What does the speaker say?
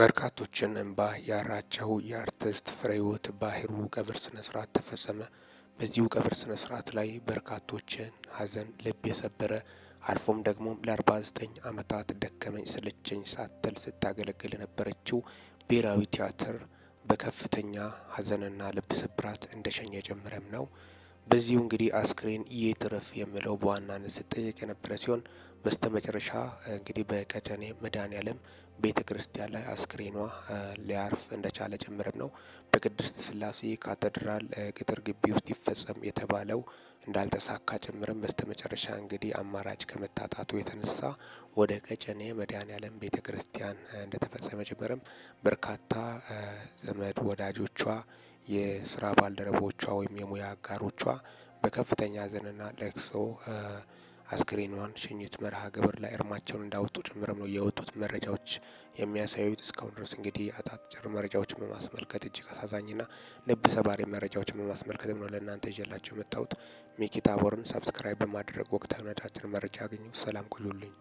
በርካቶችን እንባ ያራጨው የአርቲስት ፍሬህይወት ባህሩ ቀብር ስነ ስርዓት ተፈጸመ። በዚሁ ቀብር ስነ ስርዓት ላይ በርካቶችን ሀዘን ልብ የሰበረ አርፎም ደግሞ ለ49 ዓመታት ደከመኝ ሰለቸኝ ሳትል ስታገለግል የነበረችው ብሔራዊ ቲያትር በከፍተኛ ሀዘንና ልብ ስብራት እንደሸኘ ጀምረም ነው በዚሁ እንግዲህ አስክሬን ይትረፍ የሚለው በዋናነት ስጠየቅ የነበረ ሲሆን በስተመጨረሻ እንግዲህ በቀጨኔ መድኃኔዓለም ቤተ ክርስቲያን ላይ አስክሬኗ ሊያርፍ እንደቻለ ጭምርም ነው። በቅድስት ስላሴ ካቴድራል ቅጥር ግቢ ውስጥ ይፈጸም የተባለው እንዳልተሳካ ጭምርም በስተመጨረሻ እንግዲህ አማራጭ ከመታጣቱ የተነሳ ወደ ቀጨኔ መድኃኔዓለም ቤተ ክርስቲያን እንደተፈጸመ ጭምርም በርካታ ዘመድ ወዳጆቿ፣ የስራ ባልደረቦቿ ወይም የሙያ አጋሮቿ በከፍተኛ ሐዘንና ለቅሶ አስክሬኗን ሽኝት መርሃ ግብር ላይ እርማቸውን እንዳወጡ ጭምርም ነው የወጡት መረጃዎች የሚያሳዩት። እስካሁን ድረስ እንግዲህ አጫጭር መረጃዎችን በማስመልከት እጅግ አሳዛኝና ልብ ሰባሪ መረጃዎችን በማስመልከትም ነው ለእናንተ ይዤላቸው የመጣሁት። ሚኪ ታቦርን ሰብስክራይብ በማድረግ ወቅታዊ አጫጭር መረጃ አግኙ። ሰላም ቆዩልኝ።